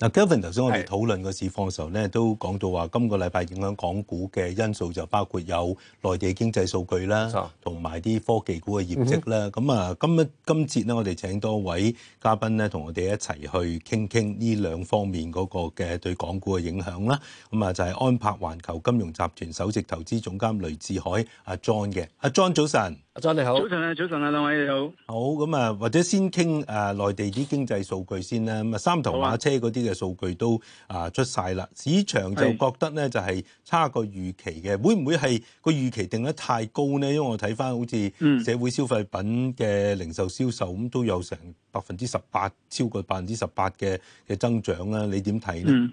嗱，Kevin，頭先我哋討論個市況嘅時候咧，都講到話今個禮拜影響港股嘅因素就包括有內地經濟數據啦，同埋啲科技股嘅業績啦。咁、嗯、啊，今一今節咧，我哋請多位嘉賓咧，同我哋一齊去傾傾呢兩方面嗰個嘅對港股嘅影響啦。咁啊，就係安柏環球金融集團首席投資總監雷志海阿 John 嘅阿 John，早晨。真你好，早晨啊，早晨啊，兩位你好。好，咁啊，或者先傾誒、呃，內地啲經濟數據先啦。咁啊，三頭馬車嗰啲嘅數據都出啊出晒啦，市場就覺得咧就係、是、差過預期嘅，會唔會係個預期，會會預期定得太高咧？因為我睇返好似社會消費品嘅零售銷售咁、嗯、都有成百分之十八，超過百分之十八嘅嘅增長啦，你點睇咧？嗯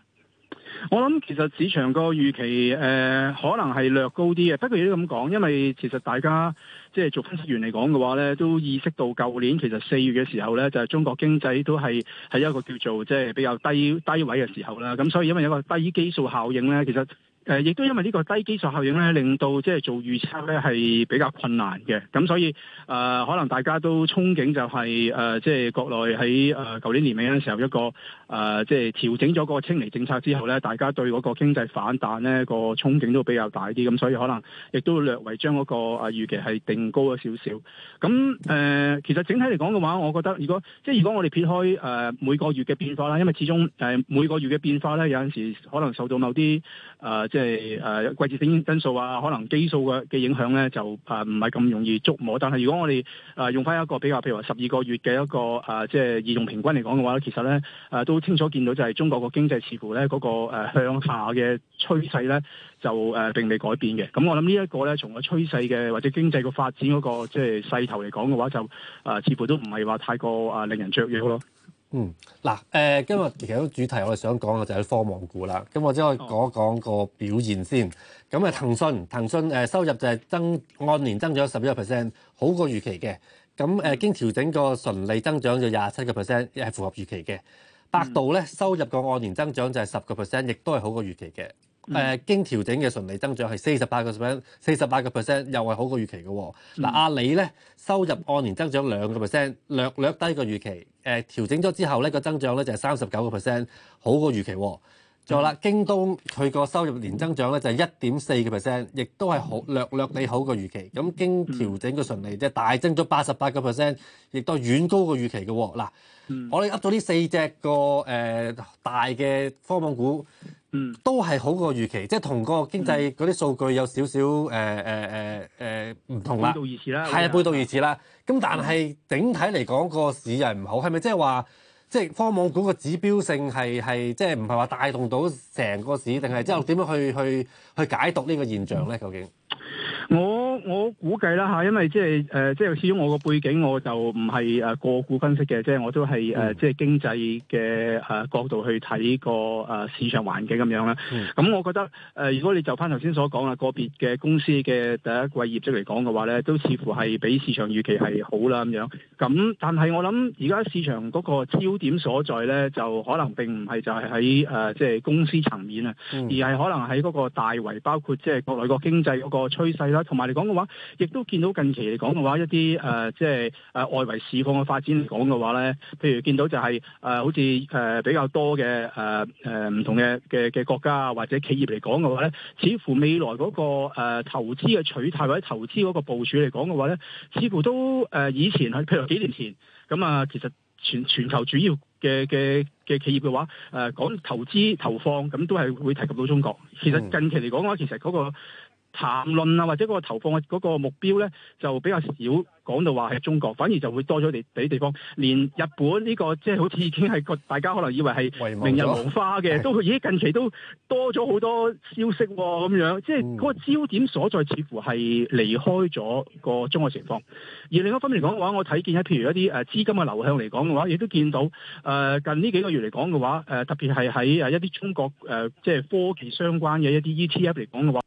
我諗其實市場個預期誒、呃，可能係略高啲嘅。不過亦都咁講，因為其實大家即係做分析員嚟講嘅話咧，都意識到舊年其實四月嘅時候咧，就係、是、中國經濟都係喺一個叫做即係比較低低位嘅時候啦。咁所以因為有個低基數效應咧，其實。誒、呃，亦都因為呢個低基礎效應咧，令到即係做預測咧係比較困難嘅。咁所以，誒、呃、可能大家都憧憬就係、是、誒，即、呃、係、就是、國內喺誒舊年年尾嘅時候一個誒，即係調整咗個個清零政策之後咧，大家對嗰個經濟反彈咧、那個憧憬都比較大啲。咁所以可能亦都略為將嗰個預預期係定高咗少少。咁誒、呃，其實整體嚟講嘅話，我覺得如果即係、就是、如果我哋撇開誒、呃、每個月嘅變化啦，因為始終誒、呃、每個月嘅變化咧，有陣時可能受到某啲誒。呃即係誒、呃、季節性因素啊，可能基數嘅嘅影響咧，就誒唔係咁容易觸摸。但係如果我哋誒、呃、用翻一個比較，譬如話十二個月嘅一個誒、呃、即係移動平均嚟講嘅話，其實咧誒、呃、都清楚見到就係中國個經濟似乎咧嗰、那個誒、呃、向下嘅趨勢咧，就誒、呃、並未改變嘅。咁我諗呢一個咧，從個趨勢嘅或者經濟個發展嗰、那個即係勢頭嚟講嘅話，就誒、呃、似乎都唔係話太過誒、呃、令人雀躍咯。嗯，嗱，誒，今日其實個主題我哋想講嘅就係科網股啦，咁或者我講一講個表現先。咁啊，騰訊，騰訊誒收入就係增按年增長十一個 percent，好過預期嘅。咁誒經調整個純利增長就廿七個 percent，係符合預期嘅。百度咧收入個按年增長就係十個 percent，亦都係好過預期嘅。誒、嗯、經調整嘅純利增長係四十八個 percent，四十八個 percent 又係好過預期嘅。嗱，阿里咧，收入按年增長兩個 percent，略略低過預期。誒調整咗之後咧，個增長咧就係三十九個 percent，好過預期，啊。就啦，京東佢個收入年增長咧就係一點四個 percent，亦都係好略略你好過預期。咁經調整嘅順利即係、嗯，大增咗八十八個 percent，亦都遠高過預期嘅喎。嗱、嗯，我哋噏咗呢四隻個誒、呃、大嘅科網股，都係好過預期，即係同個經濟嗰啲數據有少少誒誒誒誒唔同啦。背道而馳啦，係啊，背道而馳啦。咁但係整體嚟講個市係唔好，係咪即係話？即係科網股嘅指標性係係即係唔係話帶動到成個市定係之後點樣去去去解讀呢個現象咧？究竟我估計啦嚇，因為即係誒，即係始終我個背景我就唔係誒個股分析嘅，即係我都係誒即係經濟嘅誒角度去睇個誒市場環境咁樣啦。咁、嗯、我覺得誒，如果你就翻頭先所講啊，個別嘅公司嘅第一季業績嚟講嘅話咧，都似乎係比市場預期係好啦咁樣。咁但係我諗而家市場嗰個焦點所在咧，就可能並唔係就係喺誒即係公司層面啊、嗯，而係可能喺嗰個大圍，包括即係國內個經濟嗰個趨勢啦，同埋你講。亦都見到近期嚟講嘅話，一啲、呃、即係、呃、外圍市況嘅發展嚟講嘅話咧，譬如見到就係、是呃、好似、呃、比較多嘅呃唔同嘅嘅嘅國家或者企業嚟講嘅話咧，似乎未來嗰個、呃、投資嘅取態或者投資嗰個部署嚟講嘅話咧，似乎都、呃、以前係譬如幾年前咁啊，其實全全球主要嘅嘅嘅企業嘅話、呃、講投資投放咁都係會提及到中國。其實近期嚟講嘅話，其實嗰個談論啊，或者嗰個投放嗰嗰個目標咧，就比較少講到話係中國，反而就會多咗地啲地方，連日本呢、這個即係、就是、好似已經係大家可能以為係明日黃花嘅，都已經近期都多咗好多消息咁、啊、樣，即係嗰個焦點所在似乎係離開咗個中國情況。而另一方面嚟講嘅話，我睇見喺譬如一啲誒資金嘅流向嚟講嘅話，亦都見到誒、呃、近呢幾個月嚟講嘅話，誒、呃、特別係喺一啲中國誒即係科技相關嘅一啲 ETF 嚟講嘅話。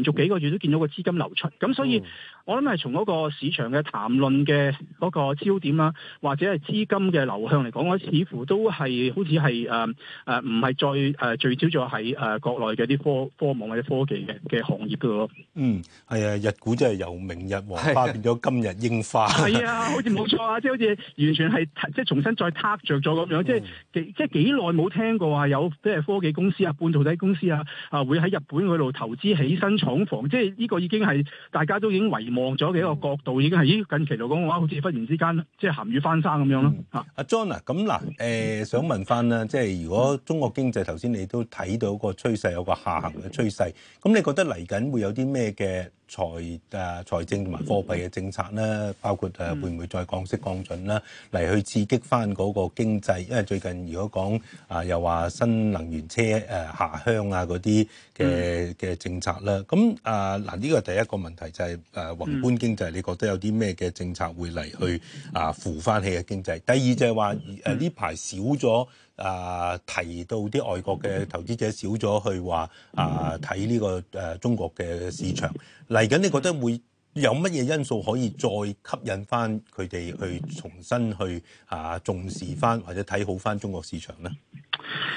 連續幾個月都見到個資金流出，咁所以我諗係從嗰個市場嘅談論嘅嗰個焦點啊，或者係資金嘅流向嚟講，我似乎都係好似係誒誒，唔、呃、係再誒聚焦咗喺誒國內嘅啲科科網或者科技嘅嘅行業噶咯。嗯，係啊，日股真係由明日黃花，啊，變咗今日櫻花。係啊，好似冇錯啊， 即係好似完全係即係重新再塌着咗咁樣，嗯、即係幾即係幾耐冇聽過話有即係科技公司啊、半導體公司啊啊，會喺日本嗰度投資起身。恐慌，即係呢個已經係大家都已經遺忘咗嘅一個角度，已經係近期嚟講嘅話，好似忽然之間即係鹹魚翻身咁樣咯。阿、嗯、John 啊，咁嗱，誒，想問翻啦，即係如果中國經濟頭先你都睇到個趨勢有個下行嘅趨勢，咁你覺得嚟緊會有啲咩嘅？財誒、啊、財政同埋貨幣嘅政策咧，包括誒、啊、會唔會再降息降準啦，嚟去刺激翻嗰個經濟。因為最近如果講啊，又話新能源車誒、啊、下鄉啊嗰啲嘅嘅政策啦，咁啊嗱呢個第一個問題就係、是、誒、啊、宏觀經濟，你覺得有啲咩嘅政策會嚟去啊扶翻起嘅經濟？第二就係話誒呢排少咗啊提到啲外國嘅投資者少咗去話啊睇呢、這個誒、啊、中國嘅市場嚟緊，你覺得會有乜嘢因素可以再吸引翻佢哋去重新去啊重視翻或者睇好翻中國市場咧？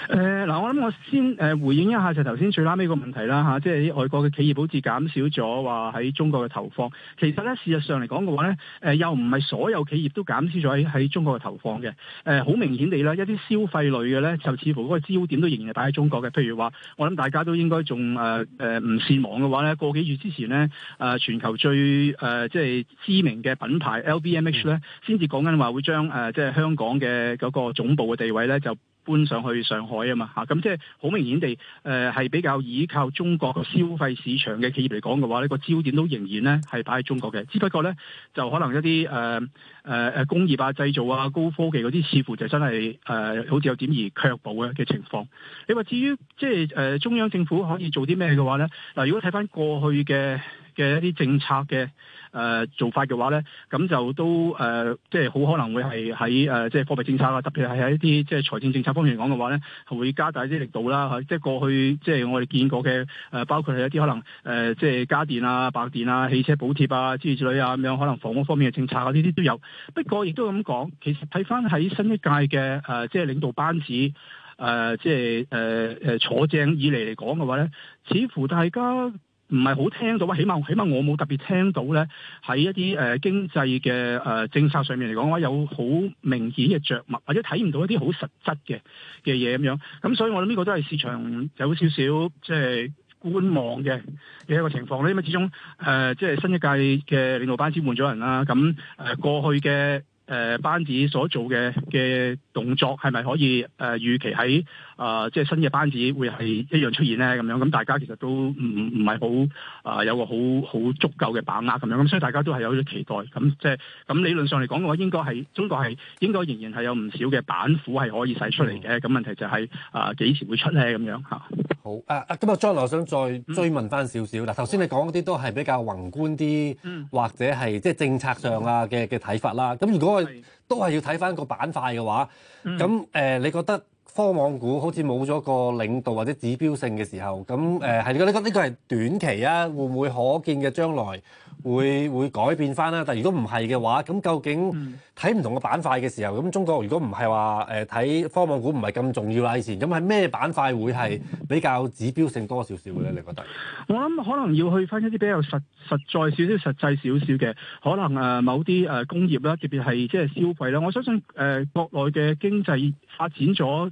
誒、嗱，我諗我先誒回應一下就頭先最拉尾個問題啦吓、啊，即係外國嘅企業好似減少咗話喺中國嘅投放，其實咧事實上嚟講嘅話咧，誒、呃、又唔係所有企業都減少咗喺中國嘅投放嘅，誒、呃、好明顯地啦，一啲消費類嘅咧就似乎嗰個焦點都仍然係擺喺中國嘅，譬如話我諗大家都應該仲誒誒唔善忘嘅話咧，個幾月之前咧誒、呃、全球最誒、呃、即係知名嘅品牌 LVMH 咧，先至講緊話會將誒、呃、即係香港嘅嗰個總部嘅地位咧就。搬上去上海啊嘛，嚇咁即係好明顯地，誒、呃、係比較依靠中國消費市場嘅企業嚟講嘅話，呢個焦點都仍然咧係擺喺中國嘅。只不過咧，就可能一啲誒誒誒工業啊、製造啊、高科技嗰啲，似乎就真係誒好似有點而卻步嘅嘅情況。你話至於即係誒、呃、中央政府可以做啲咩嘅話咧？嗱，如果睇返過去嘅嘅一啲政策嘅誒、呃、做法嘅話咧，咁就都誒、呃，即係好可能會係喺誒，即係貨幣政策啊，特別係喺一啲即係財政政策方面講嘅話咧，係會加大啲力度啦吓，即係過去即係我哋見過嘅誒、呃，包括係一啲可能誒、呃，即係家電啊、白電啊、汽車補貼啊之類之類啊咁樣可能房屋方面嘅政策啊，呢啲都有。不過亦都咁講，其實睇翻喺新一屆嘅誒，即係領導班子誒、呃，即係誒、呃、坐正以嚟嚟講嘅話咧，似乎大家。唔係好聽到啊！起碼起碼我冇特別聽到咧，喺一啲誒、呃、經濟嘅誒、呃、政策上面嚟講，話有好明顯嘅著墨，或者睇唔到一啲好實質嘅嘅嘢咁樣。咁所以我諗呢個都係市場有少少即係、就是、觀望嘅嘅一個情況。因為始終誒即係新一屆嘅領導班子換咗人啦，咁誒、呃、過去嘅。誒、呃、班子所做嘅嘅動作係咪可以誒、呃、預期喺啊、呃、即係新嘅班子會係一樣出現咧？咁樣，咁大家其實都唔唔係好啊、呃、有個好好足夠嘅把握咁樣，咁所以大家都係有啲期待咁，即係咁理論上嚟講嘅話應該係中國係應該仍然係有唔少嘅板斧係可以使出嚟嘅，咁問題就係啊，幾時會出咧？咁樣嚇。好，啊誒，咁啊，John，我想再追問翻少少。嗱、嗯，頭先你講啲都係比較宏觀啲、嗯，或者係即係政策上啊嘅嘅睇法啦。咁如果都係要睇翻個板塊嘅話，咁、嗯、誒、呃，你覺得？科網股好似冇咗個領導或者指標性嘅時候，咁誒、呃、你覺得呢個呢個係短期啊？會唔會可見嘅將來會會改變翻啦？但如果唔係嘅話，咁究竟睇唔同嘅板塊嘅時候，咁中國如果唔係話睇科網股唔係咁重要啦以前，咁係咩板塊會係比較指標性多少少嘅咧？你覺得？我諗可能要去翻一啲比較實實在少少、實際少少嘅，可能誒、呃、某啲誒、呃、工業啦，特別係即係消費啦。我相信誒、呃、國內嘅經濟發展咗。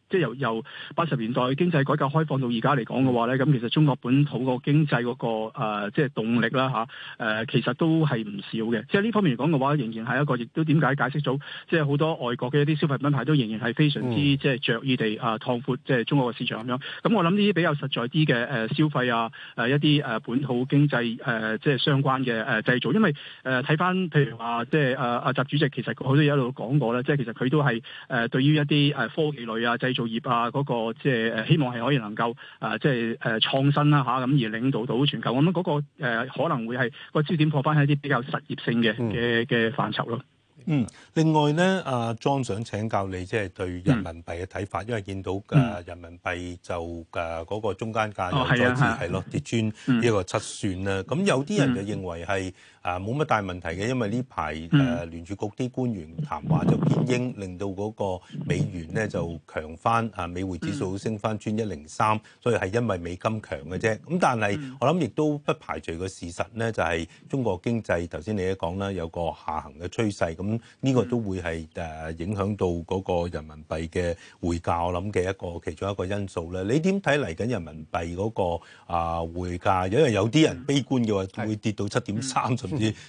即係由由八十年代經濟改革開放到而家嚟講嘅話咧，咁其實中國本土個經濟嗰個即係動力啦嚇誒，其實都係唔少嘅。即係呢方面嚟講嘅話，仍然係一個亦都點解解釋咗，即係好多外國嘅一啲消費品牌都仍然係非常之即係著意地啊擴闊即係中國嘅市場咁樣。咁我諗呢啲比較實在啲嘅誒消費啊誒一啲誒本土經濟誒即係相關嘅誒製造，因為誒睇返譬如話即係阿阿習主席其實好多嘢一路講過啦，即係其實佢都係誒對於一啲誒科技類啊製造。就業啊，嗰個即係希望係可以能夠啊，即係誒創新啦吓，咁而領導到全球，咁嗰個誒可能會係個焦點，放翻喺一啲比較實業性嘅嘅嘅範疇咯。嗯，另外咧，阿、啊、莊想請教你，即係對人民幣嘅睇法，因為見到嘅人民幣就嘅嗰個中間價再次係咯、嗯嗯、跌穿呢個七算啦。咁有啲人就認為係。啊，冇乜大問題嘅，因為呢排誒聯儲局啲官員談話就堅鷹，令到嗰個美元咧就強翻，啊美匯指數升翻穿一零三，所以係因為美金強嘅啫。咁但係我諗亦都不排除個事實咧，就係、是、中國經濟頭先你一講啦，有個下行嘅趨勢，咁呢個都會係誒、啊、影響到嗰個人民幣嘅匯價，我諗嘅一個其中一個因素咧。你點睇嚟緊人民幣嗰、那個啊匯價？因為有啲人悲觀嘅話，會跌到七點三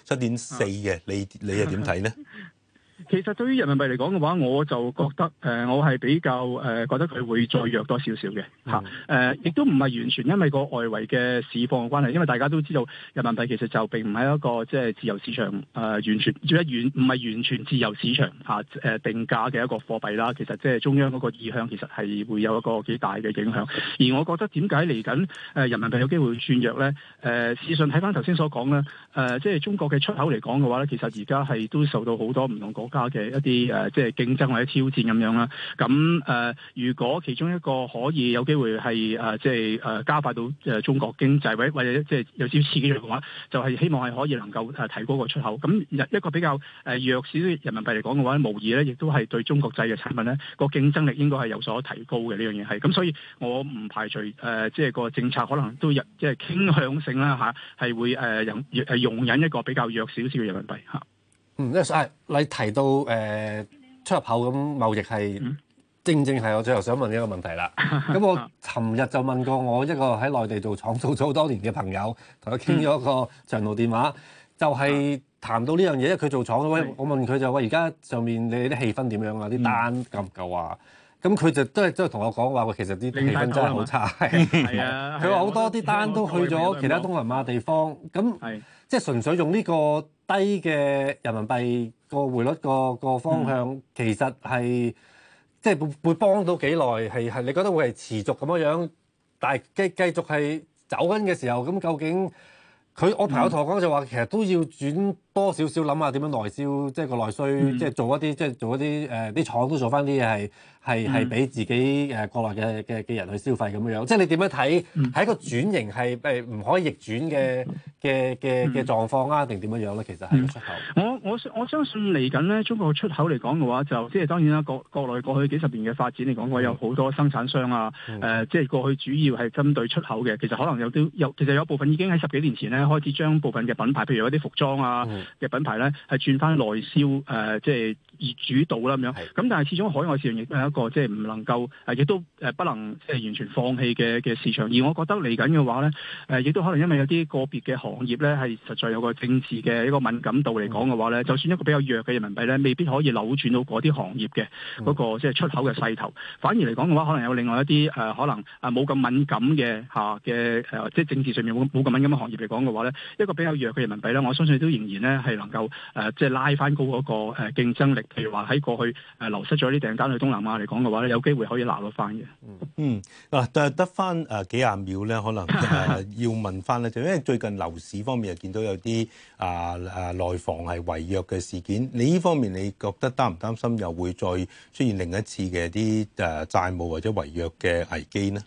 七點四嘅，你你係點睇咧？其實對於人民幣嚟講嘅話，我就覺得誒、呃，我係比較誒、呃，覺得佢會再弱多少少嘅嚇誒，亦、嗯啊、都唔係完全因為個外圍嘅市況嘅關係，因為大家都知道人民幣其實就並唔係一個即係、就是、自由市場誒、呃，完全即係完唔係完全自由市場嚇誒定價嘅一個貨幣啦。其實即係中央嗰個意向其實係會有一個幾大嘅影響。而我覺得點解嚟緊誒人民幣有機會轉弱咧？誒、呃，事實睇翻頭先所講咧誒，即、呃、係、就是、中國嘅出口嚟講嘅話咧，其實而家係都受到好多唔同個嘅一啲誒、呃，即係競爭或者挑戰咁樣啦。咁誒、呃，如果其中一個可以有機會係誒、呃，即係誒、呃、加快到誒中國經濟，或者或者即係有少少刺激嘅話，就係、是、希望係可以能夠誒、呃、提高個出口。咁一個比較誒、呃、弱少少人民幣嚟講嘅話，無疑咧亦都係對中國製嘅產品咧個競爭力應該係有所提高嘅呢樣嘢係。咁所以我唔排除誒、呃，即係個政策可能都有即係傾向性啦嚇，係、啊、會誒容、呃、容忍一個比較弱少少嘅人民幣嚇。啊。嗯，咧誒，你提到誒、呃、出入口咁貿易係，正正係我最後想問一個問題啦。咁 我尋日就問過我一個喺內地做廠做咗好多年嘅朋友，同佢傾咗一個長途電話，嗯、就係、是、談到呢樣嘢。因為佢做廠，的我問佢就話、是：而家上面你啲氣氛點樣啊？啲單夠唔夠啊？咁、嗯、佢就都係都係同我講話，佢其實啲氣氛真係好差。係啊，佢話好多啲單都去咗其他東南亞地方。咁。即係純粹用呢個低嘅人民幣個匯率個個方向，嗯、其實係即係會幫到幾耐？係你覺得會係持續咁樣，但係繼繼續係走緊嘅時候，咁究竟佢我朋友同我講就話、嗯，其實都要轉。多少少諗下點樣內銷，即係個內需，即、嗯、係、就是、做一啲，即、就、係、是、做一啲誒啲廠都做翻啲嘢，係係係俾自己誒、呃、國內嘅嘅嘅人去消費咁樣樣，即係你點樣睇？係、嗯、一個轉型係唔可以逆轉嘅嘅嘅嘅狀況啊？定點樣樣咧？其實係、嗯、出口。我我我相信嚟緊咧，中國出口嚟講嘅話，就即係當然啦。國國內過去幾十年嘅發展嚟講，我、嗯、有好多生產商啊，誒、嗯呃，即係過去主要係針對出口嘅。其實可能有啲有，其實有部分已經喺十幾年前咧開始將部分嘅品牌，譬如一啲服裝啊。嗯嘅品牌咧，係轉翻內銷，即係業主導啦咁樣咁，但係始終海外市場亦都係一個即係唔能夠，亦、呃、都不能即係、呃、完全放棄嘅嘅市場。而我覺得嚟緊嘅話咧，亦、呃、都可能因為有啲個別嘅行業咧，係實在有個政治嘅一個敏感度嚟講嘅話咧、嗯，就算一個比較弱嘅人民幣咧，未必可以扭轉到嗰啲行業嘅嗰、嗰個即係出口嘅勢頭。反而嚟講嘅話，可能有另外一啲、呃、可能冇咁敏感嘅嚇嘅、啊呃、即係政治上面冇冇咁敏感嘅行業嚟講嘅話咧，一個比較弱嘅人民幣咧，我相信都仍然咧。咧係能夠誒、呃，即係拉翻高嗰、那個誒競、呃、爭力。譬如話喺過去誒、呃、流失咗啲訂單去東南亞嚟講嘅話咧，有機會可以拿落翻嘅。嗯，嗱，但係得翻誒幾廿秒咧，可能、呃、要問翻咧，就因為最近樓市方面又見到有啲啊內房係違約嘅事件，你呢方面你覺得擔唔擔心又會再出現另一次嘅啲誒債務或者違約嘅危機呢？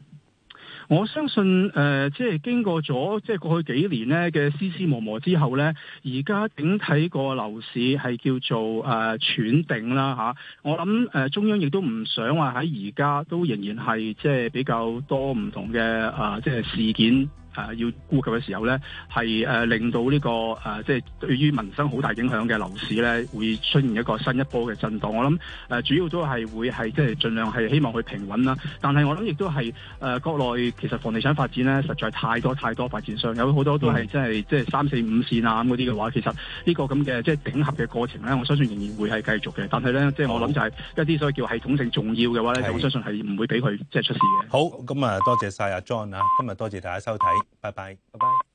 我相信誒、呃，即係經過咗即係過去幾年咧嘅絲絲磨磨之後咧，而家整體個樓市係叫做誒喘、呃、定啦嚇、啊。我諗誒、呃、中央亦都唔想話喺而家都仍然係即係比較多唔同嘅啊即係事件。誒、啊、要顧及嘅時候咧，係誒、啊、令到呢、這個誒即係對於民生好大影響嘅樓市咧，會出現一個新一波嘅震盪。我諗誒、啊、主要都係會係即係盡量係希望佢平穩啦。但係我諗亦都係誒國內其實房地產發展咧，實在太多太多發展商有好多都係即係即係三四五線啊嗰啲嘅話，其實呢個咁嘅即係整合嘅過程咧，我相信仍然會係繼續嘅。但係咧，即、就、係、是、我諗就係一啲所謂叫系統性重要嘅話咧，是我相信係唔會俾佢即係出事嘅。好，咁啊多謝晒阿 John 啊，今日多謝大家收睇。拜拜，拜拜。